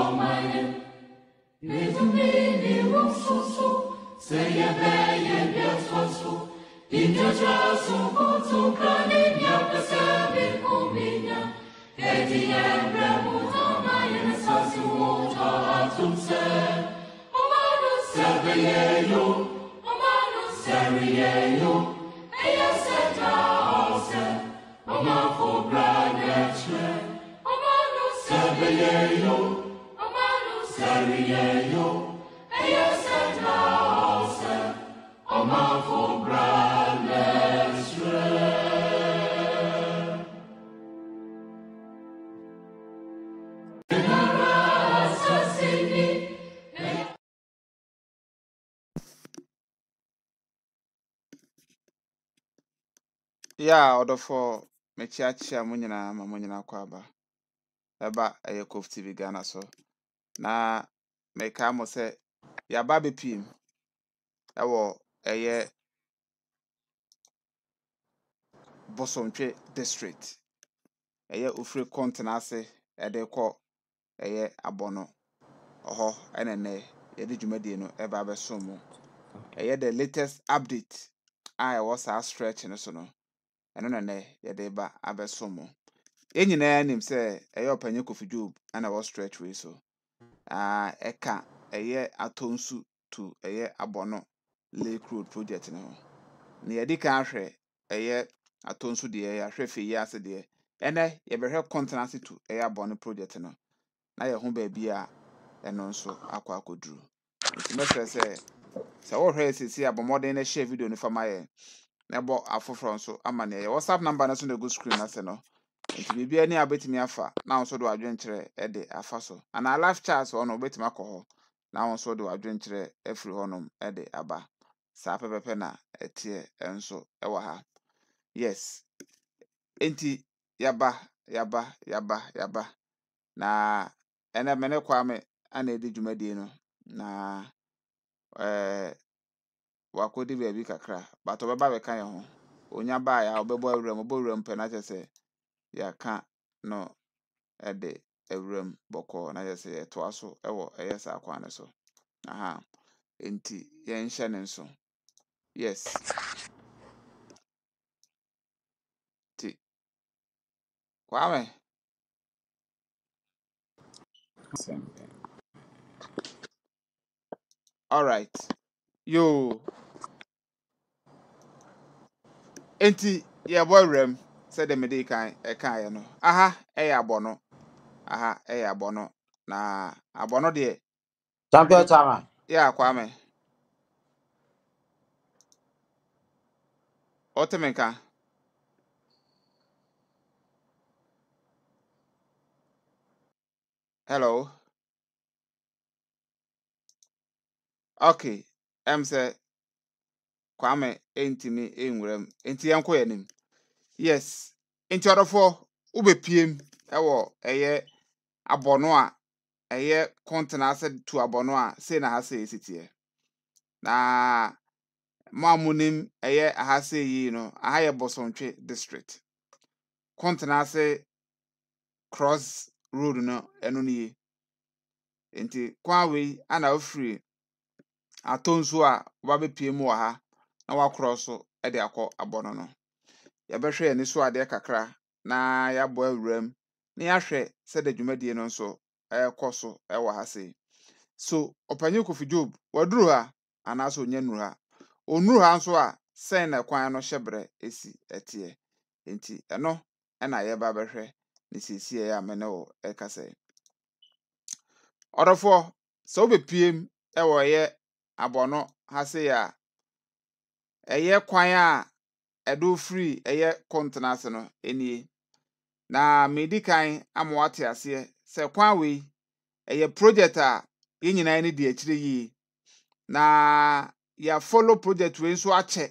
olmalı. Yüzümünü umsusu, seyyebeyen bir sosu, İncaca sukutu kanin yapısı bir kumina, Hediyen ve mutamayın sası mutahatumse, Omanı seviyeyo, omanı seviyeyo, Eya seda ase, ama fobra neçme, Omanı seviyeyo, Savior, e yes, and house, a mouthful brand and strength. Yeah, order for mekyiakyia mo nyinaa ma mo nyinaa kɔ aba ɛba ɛyɛ cove tv so na mekae mo sɛ yɛaba abɛpiem ɛwɔ ɛyɛ bosontwe district ɛyɛ ofiri kɔntena ase ɛde kɔ ɛyɛ abɔno ɔhɔ ɛna nnɛ yɛde dwumadie no ɛba abɛsom mu ɛyɛ the latest update a ɛwɔ saa stretch no so no ɛno na nnɛ yɛde ba abɛsom mu yɛn nyinaa nim sɛ ɛyɛ ɔpanyin kofi dwob ɛna ɛwɔ stretch wei so a ɛka ɛyɛ atɔnsu to ɛyɛ abɔno lake road project ne ho na yɛde ka ahwɛ ɛyɛ atɔnsu deɛ yɛahwɛ fɛ yi ase deɛ ɛnɛ yɛbɛhwɛ kɔntenase to ɛyɛ abɔno project no na yɛho baabi a ɛno nso akɔ akɔduru nti mɛsrɛ sɛ sɛ wohwɛ yɛ seesei a no hyɛ video no fama yɛ na ɛbɔ afoforɔ nso ama neɛ yɛ whatsapp number no so na ɛgu screen no ase no nti biribiara ni abɛtumi afa na ahosuo de wadwenkyerɛ de afa so anaa life chart hɔ no wobɛtumi akɔ hɔ na ahosuo de wadwenkyerɛ afiri hɔnom de aba saa pɛpɛpɛ na ɛteɛ nso wɔ ha yes nti yaba yaba yaba yaba na ɛnɛ mene kwame ana ɛdi dwumadie no na ɛɛ wakɔdi baabi kakra bato bɛba bɛka yɛn ho onya baa yɛ a ɔbɛbɔ awura mu ɔbɔ awura mu pɛ na kyerɛ sɛ yɛaka no de awuram bɔkɔɔ na yɛsɛ yɛtoa so wɔ ɛyɛ saa kwan no so aha nti yɛnhyɛ ne nso yes nti kwame alright yoo nti yɛbɔ awuram ka mede ɛkaeɛ no aha ɛyɛ abɔno aha ɛyɛ abɔno na abɔno deɛ champion tama ya kwa me nka hello okay ɛm sɛ kwame ɛntimi yɛnkɔ yɛ yes nti ɔdɔfoɔ wobɛpiem ɛwɔ ɛyɛ abɔno a ɛyɛ kɔntena ase tu abɔno a sei na ha sei siteɛ na mo a monim ɛyɛ aha sei yii no aha yɛ bɔsɔntwe district kɔntena ase cross road no ɛno no yie nti kwan wei ana ofiri atɔ nsuo a wɔba bɛpiem wɔ ha na wɔakorɔ so de akɔ abɔno no yɛbɛhwɛ yɛn ani so adeɛ kakra na yɛabɔ awuram na yɛahwɛ sɛde dwumadie no nso ɛrekɔ so ɛwɔ ha sei so ɔpanyin kofi job waduru ha anaasɛ onya nuru ha onuru ha nso a sɛn na kwan no hyɛ brɛ esi ɛteɛ nti ɛno ɛna yɛba bɛhwɛ ne siesie yɛ a mene wɔ ɛka sɛ ɔdɔfoɔ sɛ wobɛpiem ɛwɔ yɛ abɔno ha sei a ɛyɛ kwan a ɛdo firi ɛyɛ kɔntena ase no nie na medi kan ama wate aseɛ sɛ kwan wei ɛyɛ project a yɛn nyinaa ne di akyire yie na yɛafolo project wei nso akyɛ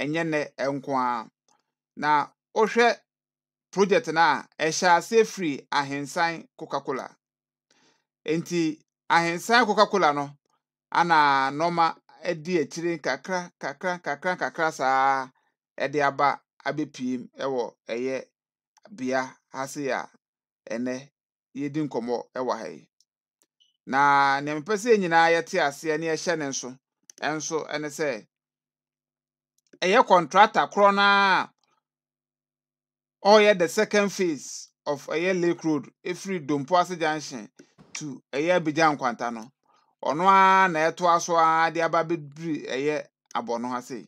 ɛnyɛ nnɛ nko ara na wohwɛ project no a ɛhyɛ aseɛ firi ahensan coca-cola nti ahensan coca-cola no ana nɔɔma di akyire kakra kakra kakra kakra saa ɛde aba abɛpue mu ɛwɔ ɛyɛ bea ase a ɛnɛ yɛdi nkɔmɔ ɛwɔ ha yi na nea mepɛ sɛ nyinaa yɛte aseɛ ne yɛhyɛ ne nso ɛnso ɛne sɛ ɛyɛ kɔntrata korɔ no a ɔreyɛ the second phase of ɛyɛ lake road ɛfiri dompo ase junction to ɛyɛ abegya nkwanta no ɔno ara na ɛtoa so a de aba bebiri ɛyɛ abɔno ha sei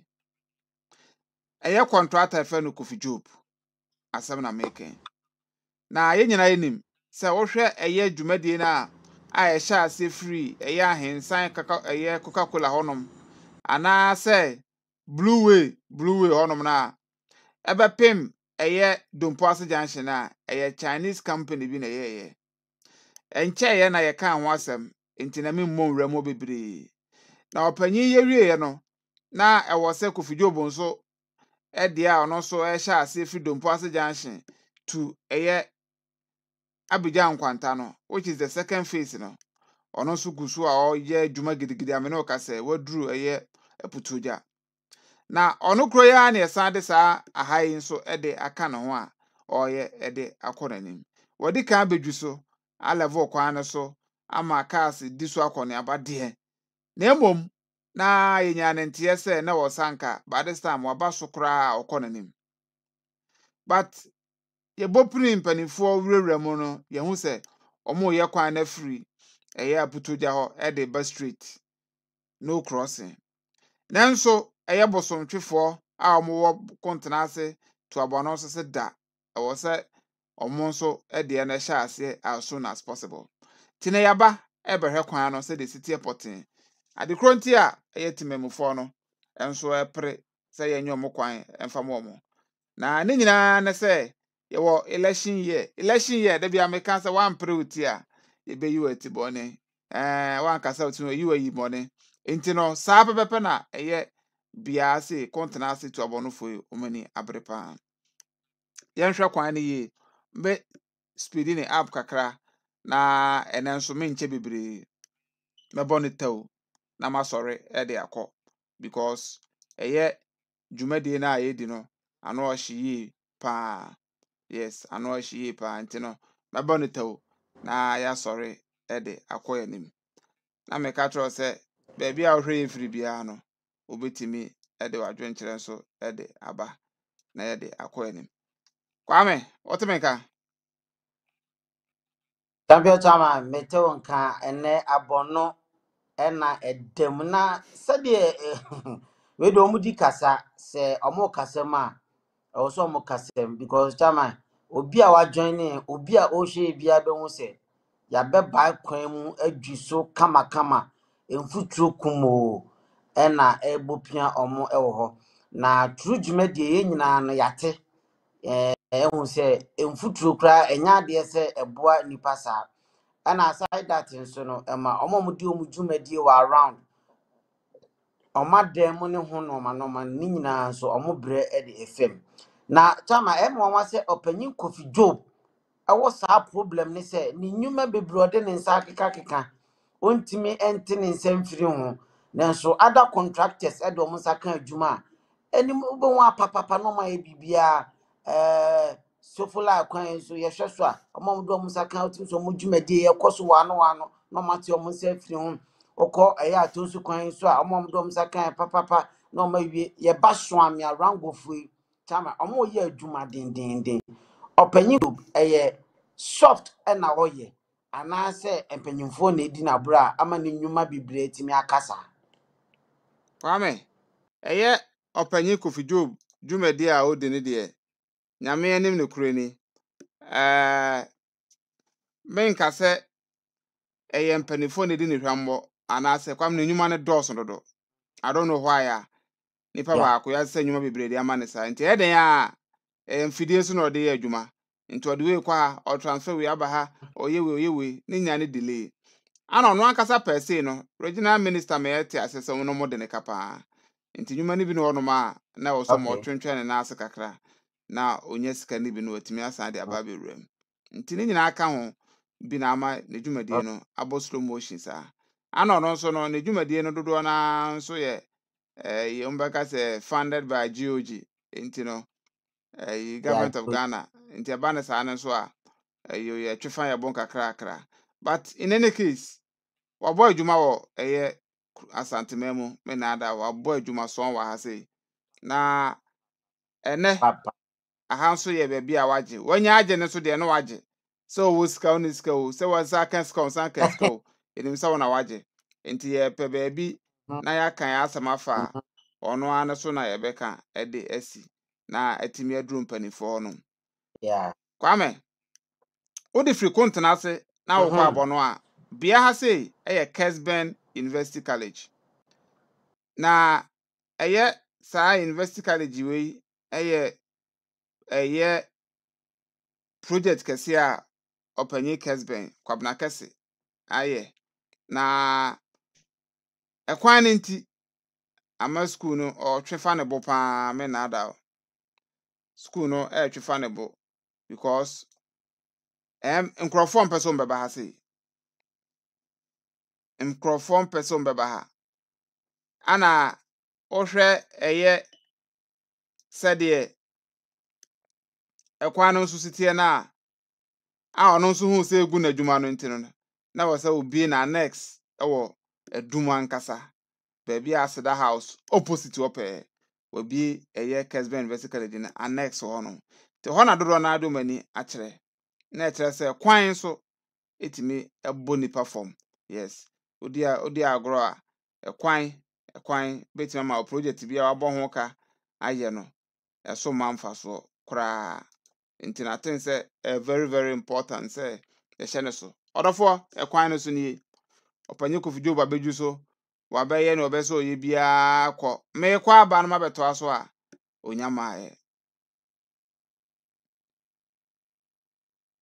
ɛyɛ kɔntrata ɛfɛ no kofi job asɛm na meke na yɛn nyinaa anim sɛ wohwɛ ɛyɛ dwumadie no a a ɛhyɛ ase firi ɛyɛ ahensan kaka ɛyɛ coca cola hɔnom anaa sɛ blue way blue way hɔnom no a ɛbɛpem ɛyɛ dompo ase junction a ɛyɛ chinese company bi na ɛyɛɛyɛ ɛnkyɛɛyɛ na yɛka ho asɛm nti na memmɔ nwura mu bebree na ɔpanyin yɛ wieɛ no na ɛwɔ sɛ kofi dwobo nso ɛdeɛ a ɔno nso ɛhyɛ ase efi dompo ase junction to ɛyɛ abidjan nkwanta no which is the second phase no ɔno nso gu so a ɔyɛ adwuma gidigidi amena ɔkasa waduru ɛyɛ aputogya na ɔno kuro yi a na yɛsan de saa aha yi nso ɛde aka ne ho a ɔyɛ ɛde akɔ n'anim wɔde kan abɛdwi so alɛvo kwan ne so ama cars di so akɔ ne aba deɛ na mmom na yɛnya ne nteɛ sɛ na ọ but this time waba so koraa ọkọ n'anim but yɛbɔ pini mpanimfoɔ wurawura mu no yɛho sɛ ɔmoyɛ kwan no afiri ɛyɛ apotogya hɔ ɛde ba street no crossing nanso ɛyɛ bosomtwefoɔ a wɔwɔ kontena ase toaboano nso sɛ da ɛwɔ sɛ ɔmo nso ɛdeɛ no ɛhyɛ aseɛ as soon as possible nti na yɛaba ɛbɛhwɛ kwan no sɛdeɛ si teɛ pɔtee ade korɔ nti a ɛyɛ temamufoɔ no nso ɛpere sɛ yɛnyɛ ɔmo kwan mfa mu ɔmo na ne nyinaa ne sɛ yɛwɔ election year election year dabi a meka sɛ wampere wo ti a yɛbɛyi wɔ ati bɔne ɛɛ wankasa wɔ ti wɔ yi wɔ yi bɔne nti no saa pɛpɛpɛ na ɛyɛ biara se kɔntena ase tu abɔnofo yi wɔn ani abere paa yɛnhwɛ kwan no yie mbɛ speedi ne app kakra na ɛnɛ nso menkyɛ bebree mɛbɔ ne tɛw na masɔre de akɔ because ɛyɛ dwumadie no a yɛdi no ano ɔhye yie paa yes ano ɔhye yie paa nti no mɛbɔ no tɛw na yɛasɔre de akɔ anim na meka kyerɛw sɛ baabi a wohwɛ yɛ mfiri biara no wobɛtumi de w'adwenkyerɛ nso de aba na yɛde akɔ anim kwame wɔte me nka Champion Chama, Meteo nka ɛnɛ abɔno ɛna ɛdɛm na sɛdeɛ eh, ɔmo di kasa sɛ ɔmo kasa mu a ɛwɔ sɛ ɔmo kasam because chairman obi a wajoin ne obi a ɔrehwɛ bi abɛho sɛ y'abɛ yɛabɛbae kwan mu adwi so kamakama mfuturo kum o ɛna ɛbɔ pia ɔmo ɛwɔ hɔ na turu dwuma deɛ yɛn nyinaa no yɛate ɛɛ eh, ɛho sɛ mfuturo koraa ɛnyɛ adeɛ sɛ ɛboa nipa saa ɛna aside that nso no ɛma ɔmo a di ɔmo dwumadie wɔ around ɔmo adan mu ne nso ɔmo brɛ ɛde na tama ɛma nwa sɛ ɔpanyin kofi job ɛwɔ saa problem ne sɛ ne bebree ɔde ne nsa akekakeka ɔntumi ɛnte ne nsa mfiri ho contractors ka adwuma a sofola akwan nso yɛhwɛ so a ɔmo a ɔmo de ɔmo nsa ka ɔtum so ɔmo dwumadie yɛkɔ so wano wano na ɔmo ate ɔmo nsa afiri ho ɔkɔ ɛyɛ ato nso kwan so a ɔmo a ɔmo de ɔmo nsa ka papapa na ɔmo awie yɛba soame arangofoɔ yi kyama ɔmo yɛ adwuma dendenden ɔpanyin group ɛyɛ soft ɛna ɔyɛ anaasɛ mpanyinfoɔ na edi n'aboro a ama ne nnwuma bebree tumi akasa. kwame ɛyɛ ɔpanyin kofi job dwumadi a ɔdi ne deɛ nyame anim nokorɛ ni menka sɛ ɛyɛ mpanimfoɔ na ɛdi ne hwammɔ anaasɛ kwam no nnwuma no dɔɔso dodo adɔno hɔ ayɛ nipa baako yɛase sɛ nnwuma bebree de ama ne saa nti ɛyɛ dɛn a ɛyɛ mfidie so na ɔde yɛ adwuma nti ɔde wei kɔ ha ɔtransfer wei aba ha ɔyɛ wei ɔyɛ wei ne nya ne delay ana ɔno ankasa pɛɛ no regional minister ma yɛte ase sɛ ɔno mo de ne ka paa nti nnwuma no bi ne hɔnom a na ɛwɔ sɛ ma ɔtwentwɛn ne nan ase kakra na onye sika no bi na watumi asa de aba ah. abɛwura mu nti ne nyinaa ka ho bi na ama ne dwumadie ah. no abɔ slow motion saa ana ɔno nso no ne dwumadie no dodoɔ naa nso yɛ ɛɛ eh, yɛn bɛka sɛ funded by GOG nti no ɛɛ eh, government of Ghana nti ɛba ne saa ne nso a ɛyɛ eh, yɛ twifa yɛ bɔ nkakrakra but in any case wabɔ adwuma wɔ ɛyɛ asantema mu me na ada wabɔ adwuma sɔn wɔ ha sei na ɛnɛ. aha nso yɛ baabi a wagye wɔnyɛ agye no nso deɛ no wagye sɛ ɔwɔ sika wo ne sika o sɛ wɔnsa ka sika ɔnsa ka sika o yɛnim sɛ wo na wagye nti yɛpɛ baabi na yɛaka yɛ asɛm afa a ɔno ara no so na yɛbɛka de asi na atumi aduru mpanimfoɔ no kwame wode firi kontena ase na wokɔ abɔ no a bea ha sei ɛyɛ kesben university college na ɛyɛ saa university college wei ɛyɛ ɛyɛ project kɛseɛ a ɔpanyin kɛsbɛn kwabena kɛse ayɛ na ɛkwan no nti ama skuul no ɔtwe fa ne bo paa me naada o sukuu no ɛɛtwe fa ne bo because ɛm nkurɔfoɔ mpɛ so mbɛba ha sei nkurɔfoɔ mpɛ so mbɛba ha ana ɔhwɛ ɛyɛ sɛdeɛ ɛkwan nso so na a ɔno nso hu sɛ egu n'adwuma no nti no na wɔ obi na annex ɛwɔ adum ankasa baabi a aseda house opposite hɔ pɛɛ wabie ɛyɛ kesben university college na annex hɔ no nti hɔ na dodoɔ no adom ani akyerɛ na ɛkyerɛ sɛ kwan nso ɛtumi ɛbɔ nipa fam yes odi a odi agorɔ a ɛkwan ɛkwan bɛtumi ama o project bi a wabɔ ho ka ayɛ no ɛso ma mfa soɔ koraa nti na ten sɛ ɛyɛ very very important sɛ yɛhyɛ ne so ɔdɔfoɔ ɛkwan ne so nie ɔpanyin kofi dwobo abɛdwu so wabɛyɛ na ɔbɛsɛ ɔyɛ biara kɔ meekɔ aba no mabɛtoa so a onya maayɛ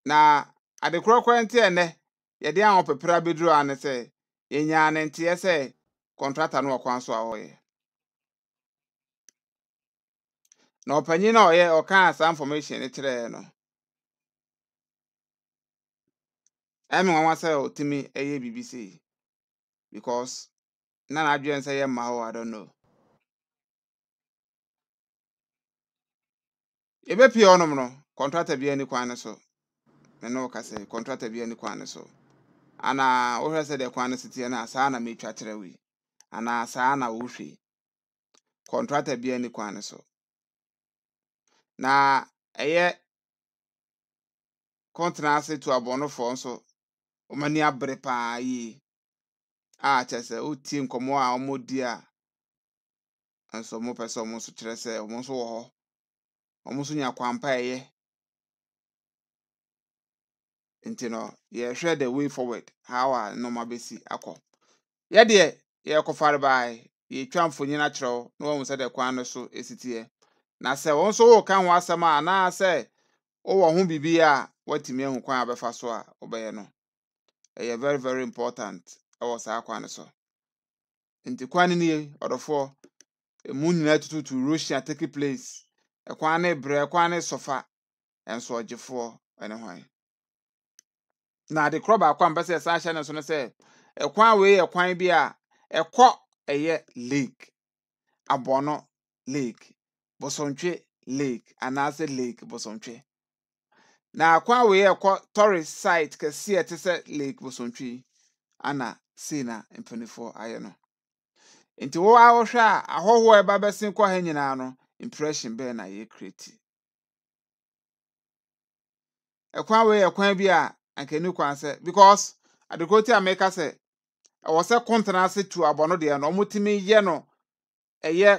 na adekorɔkorɔ nte ɛnɛ yɛde ahopepere abɛduru a ne sɛ yɛnyaa ne nteɛ sɛ kɔntrata no wɔ kwan so a ɔyɛ na ọpanyin a ọyɛ ɔka asa information ne kyerɛ no ɛmɛ wọn wa sɛ ɔtumi ɛyɛ bibi sei because na n'adwiɛ nsa yɛ mma hɔ i don't know ebe pii ɔnom no kɔntrata bi ɛni kwan ne so ɛna ɔka sɛ kɔntrata bi ɛni kwan ne so ana ɔhwɛ sɛ deɛ kwan ne so tie na asa na mi twa kyerɛ wi ana asa na ɔhwɛ kɔntrata bi ɛni kwan ne so. na ɛyɛ kɔntena ase to abɔnofoɔ nso wɔn ani abere paa yie a kyerɛ sɛ wotie nkɔmmɔ a wɔredi a nso wɔpɛ sɛ wɔn nso kyerɛ sɛ wɔn nso wɔ hɔ wɔn nso nya kwampa ɛyɛ nti no yɛhwɛ the way forward how a nneɛma bɛsi akɔ yɛdeɛ yɛrekɔfare baa yɛretwa mfonyin akyerɛw na wɔn sɛ de kwan no so si teɛ. na sɛ wo nso woka ho asɛm a anaa sɛ wowɔ ho biribi a woatumi ahu kwan a bɛfa so a wobɛyɛ no ɛyɛ very very important ɛwɔ saa kwan so nti kwan no nie ɔdɔfoɔ emu nyinaa tututu russia take place ɛkwan ne brɛ kwan ne sofa ɛnso ɔgyefoɔ ɛne hwan na ade korɔ baako a mpɛ sɛ ɛsan ahyɛ ne so no sɛ ɛkwan wei yɛ kwan bi a ɛkɔ ɛyɛ lake abɔno lake Bọsọntwe Lake anaasɛ Lake Bọsọntwe na akwa wee ɛkɔ tourist site kɛseɛ ɛte sɛ Lake Bọsọntwe yi ana sei na mpanimfoɔ ayɛ no nti wɔn a a ahɔhoɔ a ɛba bɛsen kɔ ha nyinaa no impression bɛyɛ na yɛ create ɛkwan wee yɛ kwan bi a anka ni kwan sɛ because adekoro ti a meka sɛ ɛwɔ sɛ ase tu abɔ no deɛ no ɔmo tumi yɛ no ɛyɛ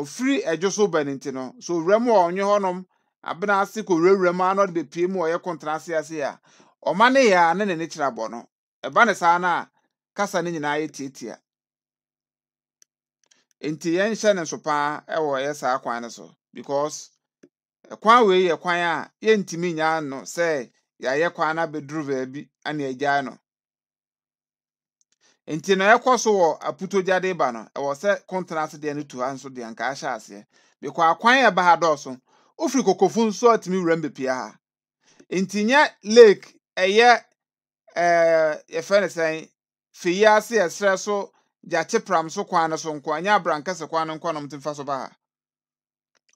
ɔfiri ɛdwo so ba ne nti no so owura mu a ɔnwe hɔnom abena ase kɔwurawura mu ano de bepie mu ɔyɛ kɔntena ase ase a ɔma ne yɛ a ne n'ani kyerɛ abɔ no ɛba ne saa no a kasa ne nyinaa yɛ tiatia nti yɛnhyɛ ne nso paa ɛwɔ ɛyɛ saa kwan no so because ɛkwan wei yɛ kwan a yɛntumi nyaa no sɛ yɛayɛ kwan no abɛduru baabi ana agyaa no nti na ɛkɔ so wɔ aputogya de ba no ɛwɔ sɛ kɔntena ase deɛ no tu ha nso deɛ nka ahyɛ aseɛ bikɔ akwan ɛba ha dɔɔso ofiri kokofu nso atumi wura mbepia ha nti nyɛ lake ɛyɛ ɛɛ yɛfrɛ ne sɛn fiyie ase ɛsrɛ so gyakye pram so kwan no so nko ɛnyɛ abrankɛse kwan no nkɔnom tumi fa so ba ha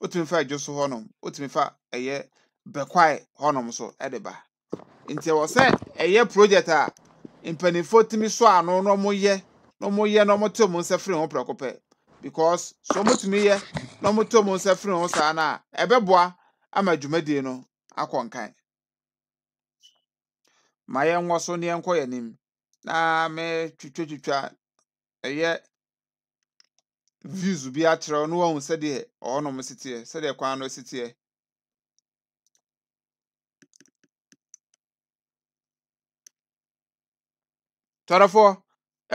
otumi fa adwo so hɔnom otumi fa ɛyɛ bɛkwae hɔnom so ɛde ba nti ɛwɔ sɛ ɛyɛ project a mpanyinfoɔ tumi so ano na ọmụ yɛ na wɔn yɛ na wɔn te nsa firi wɔn prɛko pɛ because so tumi yɛ na wɔn te wɔn nsa firi wɔn saa na ɛbɛboa ama dwumadie no akɔ nkan ma yɛn nwɔ so na yɛn kɔ yɛn na mɛ twitwa twitwa ɛyɛ views bi akyerɛw na wɔn sɛdeɛ si teɛ kwan na teɛ. tɔrɔfoɔ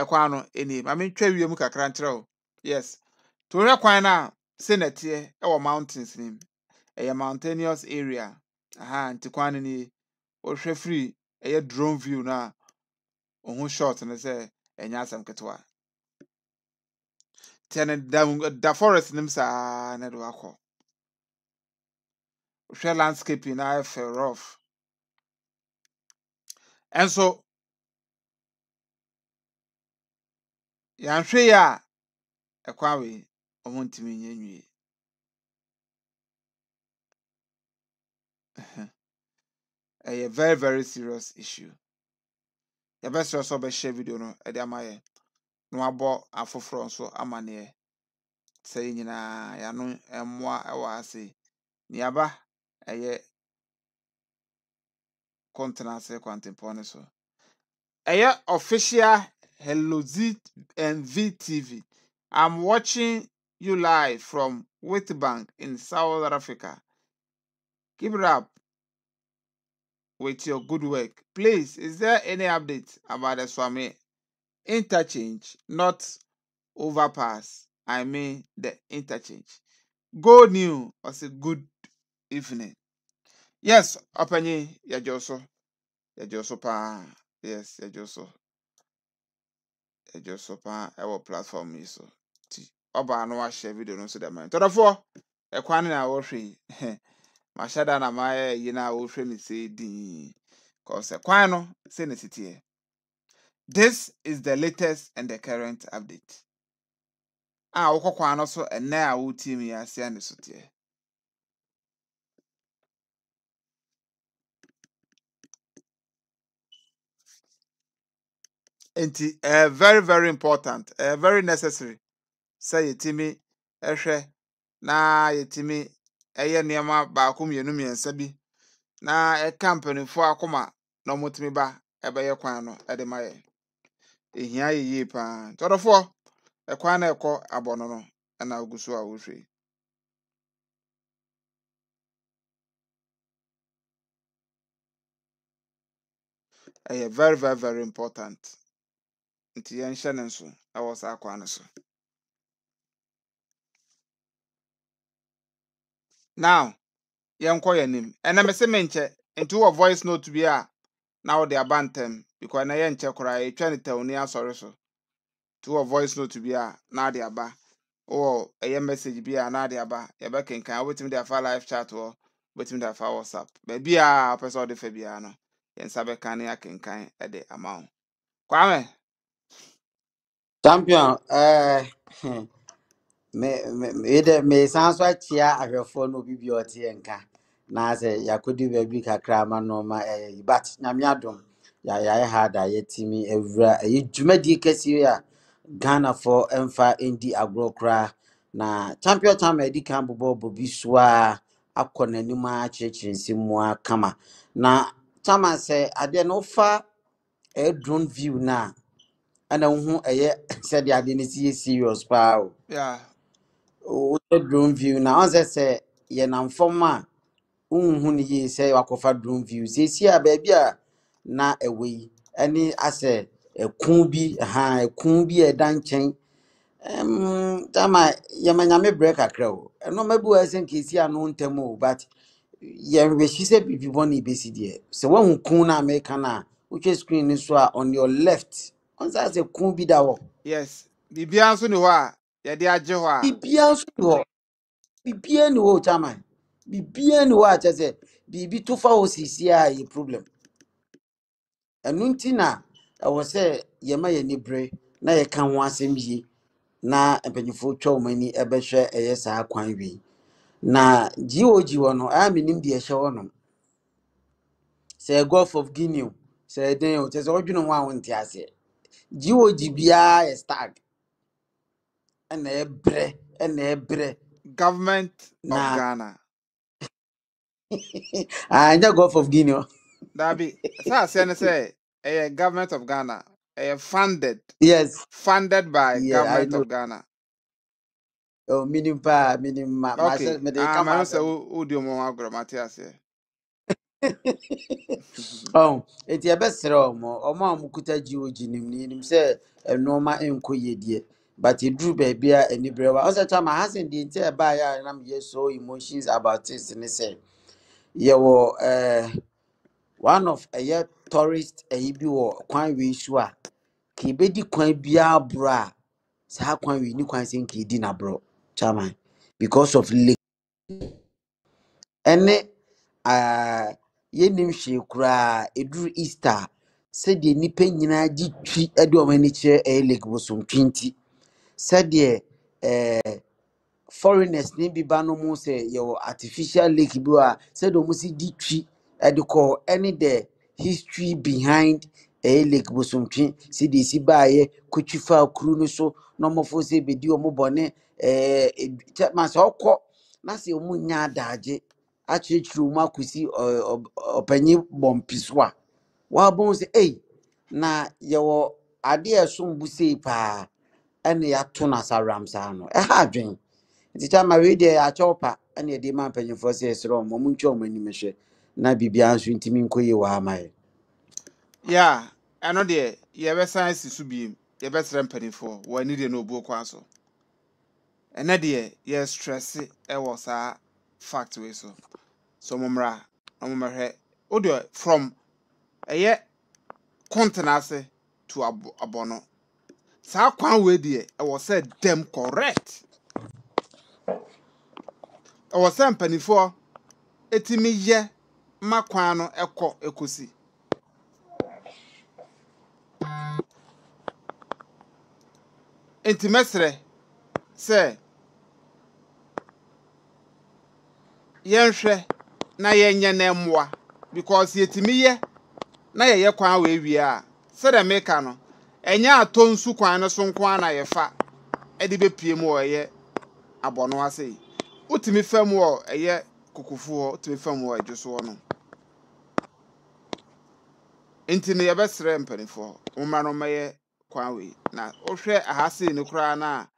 ɛkwan no anim maame ntwa wiem kakra nkyerɛ yes tòwúrɛ kwan na a sɛ nɛteɛ ɛwɔ mountains nim ɛyɛ mountainous area aha nti kwan no nie wɔhwɛ firi ɛyɛ drone view na a ohun short no sɛ ɛnyɛ asɛm ketewa tiɛ no da da forest nim saa na de wakɔ hwɛ landscape na ayɛ fɛ rough ɛnso yɛanhwɛ yi a ɛkwan wei ɔmo ntumi nyɛ nwie ɛyɛ very very serious issue yɛbɛsrɛ sɛ ɔbɛhyɛ video no ɛde ama yɛ na wabɔ afoforɔ nso amanneɛ sɛ yɛ nyinaa yɛano mmoa ɛwɔ ase neaba ɛyɛ kɔntena ase kwantempɔn ne so ɛyɛ official Helozit and TV. I'm watching you live from Witbank in South Africa. Keep it up with your good work. Please, is there any update about the Swami interchange, not overpass? I mean the interchange. Go new was a good evening. Yes, joso. Yajoso. joso pa. Yes, joso. ɛdwo so paa ɛwɔ platform yi so nti ɔbaa no wahyɛ video no nso dɛm ɛn tɔdɔfoɔ ɛkwan na wɔhwɛ yi mahyɛ da na mayɛ yi na wɔhwɛ ne sɛ dii kɔsɛ kwan no sɛ ne sitiɛ this is the latest and the current update a wokɔ kwan no so ɛnɛ a wotie mu yi aseɛ ne so teɛ nti ɛyɛ eh, very very important ɛyɛ eh, very necessary sɛ yɛtumi ɛhwɛ na yɛtumi ɛyɛ nneɛma baako mmienu mmiɛnsa bi na ɛka mpanimfoɔ akoma na wɔtumi ba ɛbɛyɛ kwan no ɛde ma yɛ ehia yɛ yie paa ntɔdɔfoɔ ɛkwan na ɛkɔ abɔno no ɛna ogu so a wohwɛ yi. ɛyɛ very very very important nti yɛnhyɛ ne nso ɛwɔ saa kwan no so now yɛnkɔ yɛn anim ɛnna mese me nkyɛ nti wɔ voice note bi a na wɔde aba ntɛm because ɛnna yɛnkyɛ koraa yɛtwa ne tɛw ne asɔre so nti wɔ voice note bi a na de aba wɔ ɛyɛ message bi a na de aba yɛbɛkenkan wobɛtumi de afa live chat wɔ wobɛtumi de afa whatsapp baabi a wopɛ sɛ ɔde fa biara no yɛn nsa bɛka ne akenkan de ama wo kwame champion ɛɛ eh, hmm. me me me de- mesan so akyia ahwɛfoɔ no obi bia ɔte yɛ nka na sɛ yɛakɔdi baabi kakra ama nɔɔma ɛyɛ eh, yi but nyame adom yɛ- yɛayɛ hard a yɛatumi awura ɛyɛ dwumadie kɛseɛ a ghanafoɔ ɛmfa ɛndi agorɔ koraa na champion tam a ɛdi kan bobɔbɔ bi so a akɔ n'anim a kyerɛkyerɛ nsɛm mu kama na tama sɛ adeɛ no wofa ɛyɛ drone view no ɛna wohu ɛyɛ sɛde adeɛ no siyɛ serious paa o woyɛ drone view na ɔn sɛ sɛ yɛnam fam a wohuhu no yie sɛ wakɔfa drone view seesie a baabi a na ɛwɔ yi ɛne asɛ ɛko bi ha ɛko bi a ɛda nkyɛn ɛm dama yɛma nyame brɛ kakra o ɛnɔma bi wɔ ɛsɛ nkeesi a no ntɛm o but yɛrehyi sɛ biribi bɔne bɛsi deɛ sɛ woahu kun no a meka no a wotwɛ screen no so a on your left ɔnsa sɛ kun bi da hɔ. yes biribiara nso ni hɔ a yɛde agye hɔ a. biribiara nso ni hɔ biribiara ni hɔ chairman biribiara ni hɔ a kyɛ sɛ biribi to fa hɔ sisi a yɛ problem ɛnu nti na ɛwɔ sɛ yɛma yɛn ni bere na yɛka ho asɛm yie na mpanyinfoɔ twa wɔn ani ɛbɛhwɛ ɛyɛ saa kwan wi na gog wɔ no ɛyɛ menim deɛ ɛhyɛ hɔ nom sɛ gulf of guinea sɛ ɛdɛn o kyɛ sɛ ɔdwene ho a wɔnte aseɛ gog biara yɛ stag ɛna ɛbrɛ ɛna ɛbrɛ government of ghana anyɛ ah, gulf of guinea dabi saa aseɛ no sɛ ɛyɛ government of ghana ɛyɛ eh, funded yes funded by yeah, government of ghana oh, minim paa minim ma okay. ah, mɛno sɛ wodi ɔmɔ agorɔ mate aseɛ oh nti yɛbɛsrɛ ɔmo ɔmo a ɔmo kuta gyewo gye nim no yɛnim sɛ nneɛma nkɔ but eduru baabi a ani berɛ wɔ ɔsɛ kyɛ ma hasen deɛ nti a ɛbaeɛ a nam yɛ so emotions about it ne sɛ yɛwɔ ɛɛ eh, one of ɛyɛ tourist ɛyi bi wɔ kwan wei so a ka ebedi kwan biara borɔ a saa kwan wei ni kwan sɛ di edi n'aborɔ because of lake ɛne ɛɛ. Eh, yɛnim hwee koraa ɛduru easter sɛdeɛ nnipa nyinaa gye twi de wɔn ani kyerɛ ɛyɛ lake bosomtwi nti sɛdeɛ ɛɛ eh, foreigners ne bi ba no mu sɛ yɛwɔ artificial lake bi a sɛdeɛ wɔn si di twi de kɔ ɛne the history behind ɛyɛ lake bosomtwi sɛdeɛ esi baayɛ kotwi faa kuru no so na wɔfo sɛ ebedi wɔn bɔne ɛɛ eh, ebi kyɛ maa sɛ ɔkɔ na sɛ wɔn nyɛ adagye. akyerɛkyerɛ mu akɔsi ɔpanyin bɔ mpi so a wabɔn sɛ ei na yɛwɔ adeɛ a ɛsom bo sei paa ɛna yɛato no asa ram saa no ɛha adwen nti kyɛ ama wei deɛ yɛakyɛw pa ɛna yɛde ma mpanyinfoɔ sɛ yɛsrɛ ɔmo ɔmo ntwa ɔmo anim hwɛ na biribiara nso ntumi nkɔ yie wɔ ama yɛ. Ya, ɛno deɛ yɛbɛsan si so biem yɛbɛsrɛ mpanyinfoɔ wɔn ani deɛ na obuo kwan so ɛnɛ deɛ yɛ stress ɛwɔ saa fact wei so so mommra na mommɛhwɛ wode from ɛyɛ kontena ase to abɔno saa kwan wei deɛ ɛwɔ sɛ dɛm correct ɛwɔ sɛ mpanimfoɔ ɛtumi yɛ ma kwan no ɛkɔ ɛkɔsi nti mɛsrɛ sɛ yɛnhwɛ na yɛnyɛ na mmoa because yɛtumi yɛ na yɛyɛ kwan wɔ ewie a sɛdeɛ meka no ɛnyɛ atɔ nsu kwan no so nko ara na yɛfa ɛde bepie mu wɔ ɛyɛ abɔno ase yi wotumi fam wɔ ɛyɛ kokofoɔ wotumi fam wɔ ɛdwo soɔ no nti no yɛbɛsrɛ mpanimfoɔ nwoma no mɛyɛ kwan wei na wohwɛ aha sei no koraa no a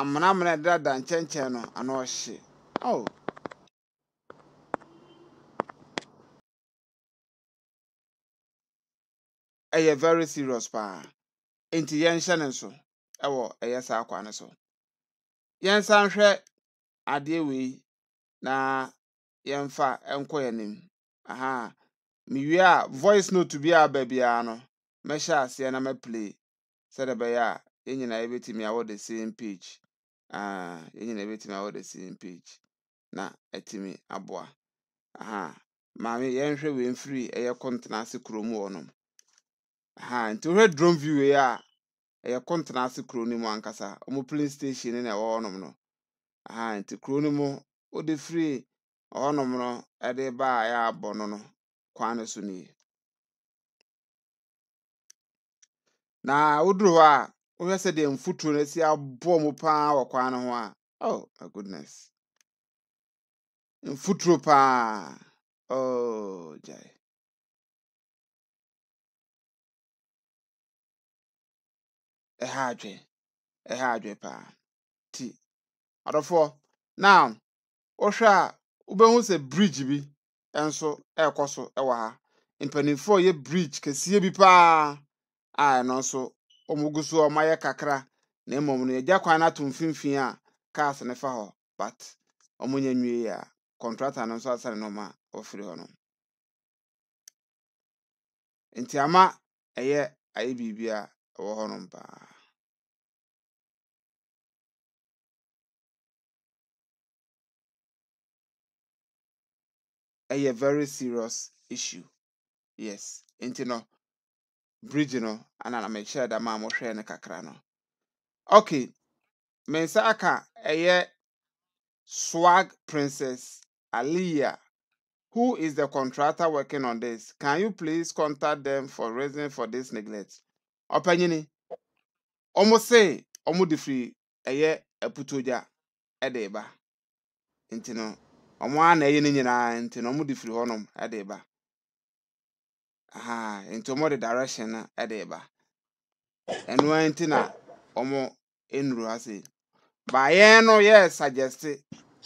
amanamana deda nkyɛnkyɛn no ano ɔhye Oh. ɛyɛ very serious paa nti yɛnhyɛ ne nso ɛwɔ ɛyɛ saa akwa no so yɛnsan hwɛ adeɛ wei na yɛmfa nkɔ yɛnim aha mewie a voice note bi a baabiara no mɛhyɛ aseɛ na mɛplay sɛdeɛ ɛbɛyɛ a yɛn nyinaa yɛbɛtumi awɔ the same page ah yɛn nyinaa yɛbɛtumi awɔ the same page na atumi aboa aha maame yɛnhwɛ wei mfiri ɛyɛ kɔntena ase mu wɔ nom aha nti wohwɛ drone view a ɛyɛ kɔntena ase kurom no mu ankasa ɔmo plane station na ɛwɔ hɔnom no aha nti kuro no mu firi no ɛde a ɛabɔ no no kwan no so na hɔ a no asi paa wɔ kwan ho a oh mfuturo paa oh jai ɛha adwe ɛha adwe paa ti adɔfoɔ now wohwɛ a wobɛhu sɛ bridge bi nso ɛrekɔ so ɛwɔ ha mpanimfoɔ yɛ bridge kɛseɛ bi paa a ɛno nso wɔn gu so wɔn ayɛ kakra na mmom no yɛgya kwan no ato mfimfini a cars ne fa hɔ but wɔn nyɛ nwie a. kɔntrata no nso asane nneɛma ɔfiri hɔ no nti ama ɛyɛ ayɛ biribi a ɛwɔ hɔ nom paa ɛyɛ very serious issue yes nti no bridge no ana na mekyerɛ dama a mohwɛɛ no kakra no okay me nsa aka ɛyɛ swag princess Aliyah, who is the contractor working on this. Can you please contact them for reason for this neglect? Ọpanyini, ọmụ sị ọmụ dị firi ɛyɛ aputoja ɛde ba no ɔmụ a na ɛyɛ ne nyinaa nti no ɔmụ dị firi hɔnom ɛde ba. Aha, nti ɔmụ de direction na ɛde ba. Ɛnua nti na ɔmụ enuru ase. Baayɛn no yɛ suggest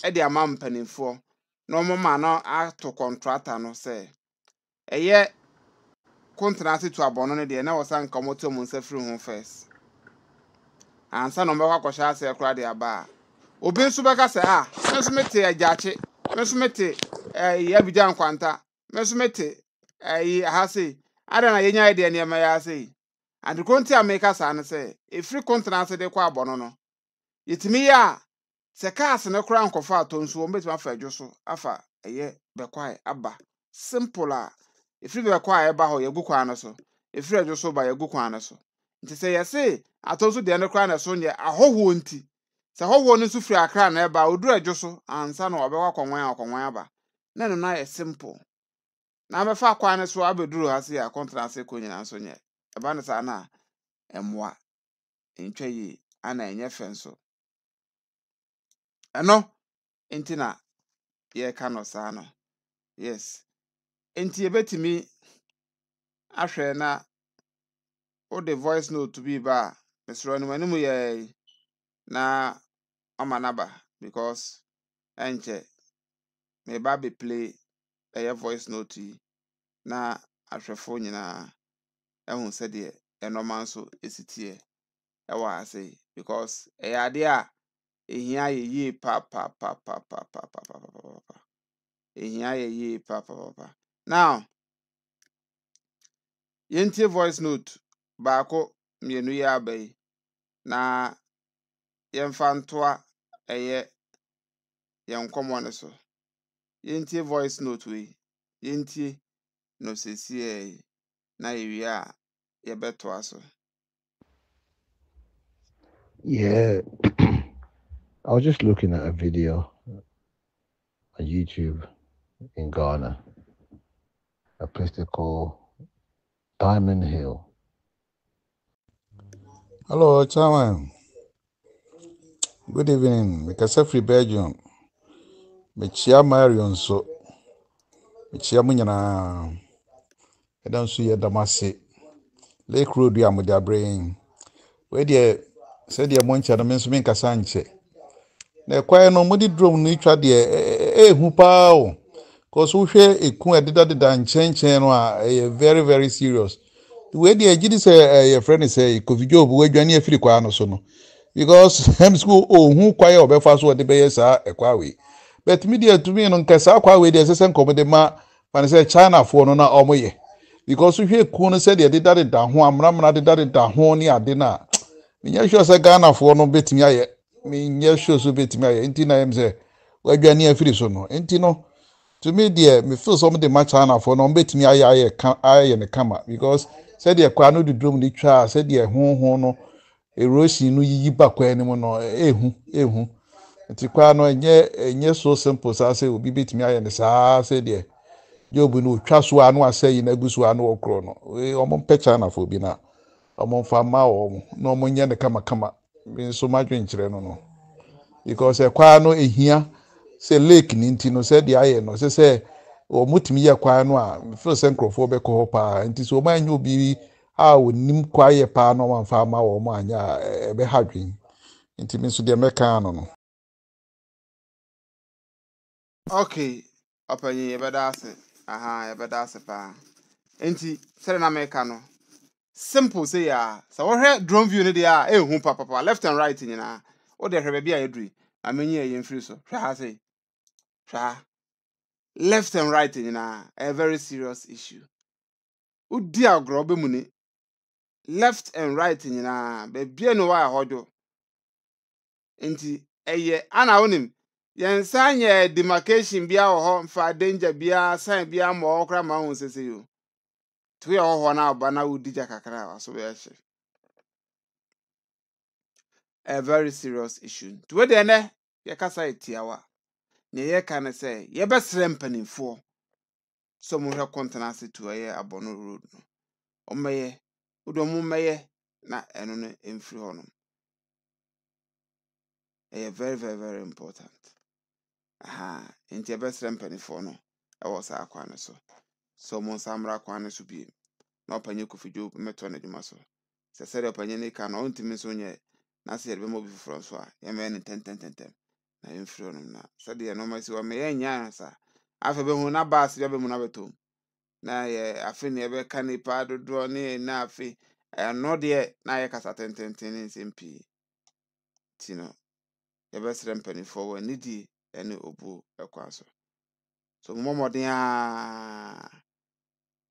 ɛde ama mpanimfoɔ. na ɔmoma no ato kɔntrata no sɛ ɛyɛ kontena ase tu abɔno no deɛ na wɔsan nka ɔmɔtɔ mu nsa firi ho fɛs ansa na ɔmɔbɛkɔ akɔhyɛ aseɛ koraa de aba obi nso bɛka sɛ a ah, me nso mete agyakye me nso mete ɛyi eh, abigya nkwanta me nso mete ɛyi eh, aha sei adan na yɛnya yɛ deɛ nneɛma yɛ ase yi adekonti a meka saa no sɛ efiri kontena ase de kɔ abɔno no yɛtumi yɛ a sɛ cars no koraa nso wɔn bɛtumi afa adwo so afa ɛyɛ bɛkwae aba simple a efiri bɛkwae ɛba hɔ yɛgu kwan no so efiri adwo so ba yɛgu kwan no so nti sɛ yɛse atɔ nso deɛ no na ɛso yɛ ahɔhoɔ nti sɛ ahɔhoɔ no nso firi akra na ɛba oduru adwo so ansa na ɔbɛkɔ akɔnwan akɔnwan aba na no na yɛ simple na abɛfa kwan no so ha se yɛ akɔntena ase kɔ nyinaa nso na ɛmmoa ntwa yie ana ɛnyɛ fɛ nso Eno nti na yɛreka no saa no yes nti yɛbɛtumi ahwɛ na wode voice note bi ba a mesrɛ no m'anim yɛ na ɔma n'aba because ɛnkyɛ meba beple ɛyɛ voice note yi na ahwɛfo nyinaa ɛhu sɛdeɛ ɛnɔma nso tie ɛwɔ ase because ɛyɛ adeɛ a Ihia yeye pa pa pa pa pa pa pa pa pa pa pa. yeye pa pa Now, yentie voice note baako mmienu yi aba yi na yɛmfa ntoa ɛyɛ yɛn nkɔmɔ no so. yentie voice note wei. Yɛntie no sesie yi na yɛwie a yɛbɛtoa so. Yeah. I was just looking at a video on YouTube in Ghana, a place they call Diamond Hill. Hello, Chairman. Good evening. Mekasa firi Belgium. Mekyia Marion so. Mekyia mo I don't see a Damasi. Lake Road a mode abrɛ yɛn. Wei deɛ sɛdeɛ mo nkyɛ no me nso menkasa nkyɛ. na kwan no mode drone no twa deɛ ɛɛhu paa o kɔso wohwɛ eku ɛdedadeda nkyɛnkyɛn no a ɛyɛ very very serious wei deɛ agye di sɛ yɛfrɛ no sɛ kofi job wadwane afiri kwaa no so no because hem school ohun kwaa a ɔbɛfa so ɔde bɛyɛ saa ɛkwaa wei but mi deɛ tumi no nka saa kwaa wei deɛ ɛsɛ sɛ nkɔmɔ de ma fani sɛ chinafoɔ no na wɔn yɛ because wohwɛ eku no sɛdeɛ dedadeda ho amramra dedadeda ho ne ade no a nyɛ hwɛ Ghana ghanafoɔ no bɛtumi ayɛ menyɛ show so bɛtumi ayɛ nti na yɛm sɛ wadwane afiri so no nti no tumi deɛ mefeel sɛ ɔmde ma kyanafoɔ no ɔmbɛtumi ayɛ ayɛ ka ayɛ ne kama because sɛdeɛ kwaa no dodrom de twaa sɛdeɛ hoho no erosin no yiyi ba kwaa no mu no ehu ehu nti kwaa no ɛnyɛ ɛnyɛ so simple saa sɛ obi bɛtumi ayɛ ne saa sɛdeɛ jobu no otwa so ano asɛ yi na egu so ano ɔkorɔ no ɔmo mpɛ kyanafoɔ bi na ɔmo mfa mma wɔn na ɔmo nyɛ ne kamakama. bi nso madwenkyerɛ no no because ɛkwaa no ehia sɛ lake ne nti no sɛ deɛ ayɛ no sɛ sɛ wɔn tumi yɛ kwaa no a feel sɛ nkurɔfoɔ bɛkɔ hɔ paa nti sɛ wɔn anya obi a wɔnim kwaa yɛ paa na wɔn afa ama wɔn anya a ha dwen nti bi nso deɛ mɛka ano no. okay ɔpanyin yɛbɛda ase aha yɛbɛda ase paa nti sɛdeɛ na mɛka no. simple sɛ yɛa sɛ wohwɛ drone view no deɛ a ɛhu papapa left and right nyinaa wode hwɛ baabi a yɛduri na menyi ɛyɛ mfiri so hwɛ ha sɛ hwɛ ha left and right nyinaa ɛyɛ very serious issue wodi agorɔ wobɛmu ni left and right nyinaa baabia ne wɔ a dwo nti ɛyɛ ana wonim yɛnsa nyɛ demarcation biara wɔ hɔ mfa danger biara sign biara ma ɔwɔ ma ho sɛsɛ o nti woyɛ na no aba na wodi gya kakra a waso bɛyɛ a very serious issue nti wo nɛ yɛkasa yɛ tiawa nea yɛka ne sɛ yɛbɛsrɛ mpanimfoɔ sɛ mohwɛ kɔntena ase tu ɛyɛ abɔno road no ɔmmɛyɛ wode ɔmo mmɛyɛ na ɛno no ɛmfiri hɔ nom ɛyɛ very very very important nti mpanimfoɔ no ɛwɔ saa no so sɛ ɔmo nsa mmra kwan no so bie na ɔpanyin kofidwo mɛtɔ n'adwuma so sɛ sɛdeɛ ɔpanyin no ka no ɔntumi nso nyɛ na sɛ yɛde bɛma obi foforɔ nso a yɛmɛyɛ no ntɛntɛntɛntɛm na yɛmfiri ɔnom na sɛdeɛ nneɛma si hɔ ma yɛnyɛ ansa afei bɛhu na baase bi abɛmu na abɛtɔ mu na yɛ afei na yɛbɛka nipa dodoɔ ne na afei ɛno deɛ na yɛ kasa tententen ne nsɛm pii ti no yɛbɛsrɛ mpanimfoɔ wɔ anidie ne obuo kwan so so mmɔmmɔden aa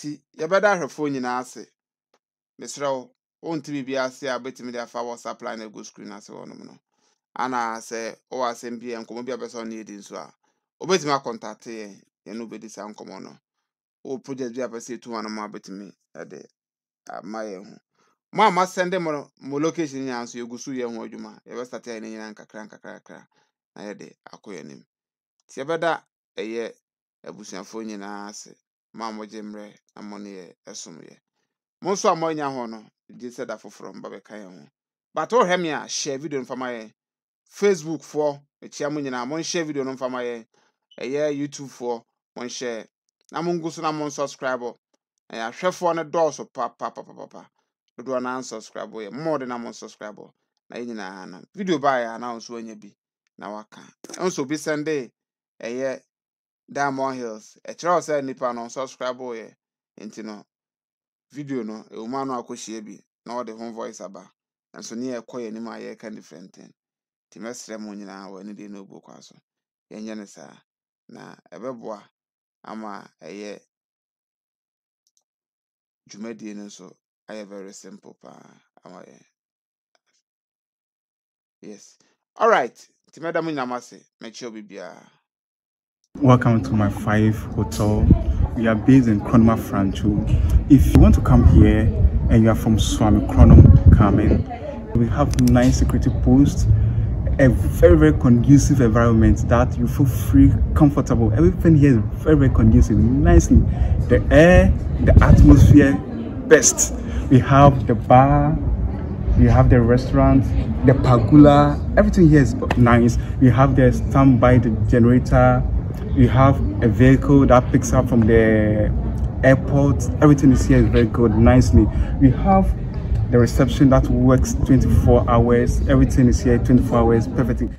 nti yɛbɛda ahwɛfoɔ nyinaa ase mesrɛ wo wonte biribi ase a wobɛtumi de afa whatsapp line agu screen no ase wɔnom no anaa sɛ wowɔ asɛm bi nkɔmmɔ bi a ɔne yɛdi nso a wobɛtumi akɔntate yɛn yɛne wobɛdi saa nkɔmmɔ no wowɔ project bi a pɛ sɛ ɛtu ano ma wobɛtumi de ama yɛn ho mo a masɛnde mo mo location nyinaa nso yɛgu so yɛn ho adwuma yɛbɛstate ayɛ no nyinaa nkakra nkakra nkakra na yɛde akɔ yɛn anim nti yɛbɛda ɛyɛ abusuafoɔ nyinaa ase mamo jemre amone esumye monso amonya ho no di se da foforo mba be kan ho but o hemi a share video mfa maye facebook fo echia mo nyina mon share video no mfa maye e eye youtube fo mon share na mon guso na mon subscribe eye ahwefo ne dɔɔso pa pa pa pa pa dodoɔ na unsubscribe yɛ mo de na mon subscribe na yɛ nyinaa no video baa ya na nso anya bi na waka e nso bi sɛnde ɛyɛ Diamond Hills ɛkyerɛ wo sɛ nipa no subscribe yɛ nti no video no ɛwɔ mu akɔhyia bi na wɔde home voice aba nso ne yɛkɔ yɛ anim a yɛreka different thing nti mɛsrɛ mo nyinaa wɔ ani de no obu kwa so yɛnyɛ no saa na ɛbɛboa ama ɛyɛ dwumadie no nso ayɛ very simple paa ama yɛ yes alright nti mɛda mo nyinaa mo ase mɛkyia obi biara Welcome to my five hotel. We are based in Kronma Franchu. If you want to come here and you are from Swami Kronum in. we have nice security posts, a very, very conducive environment that you feel free, comfortable. Everything here is very, very conducive, nicely. The air, the atmosphere, best. We have the bar, we have the restaurant, the pergola, everything here is nice. We have the standby, the generator, you have a vehicle that picks up from the airport everything is here is very good nicely we have the reception that works 24 hours everything is here 24 hours perfectly